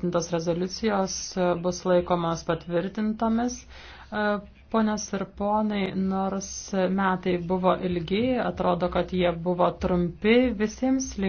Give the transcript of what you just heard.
patvirtintos rezoliucijos e, bus laikomas patvirtintomis. E, Ponios ir ponai, nors metai buvo ilgi, atrodo, kad jie buvo trumpi, visiems linkiu.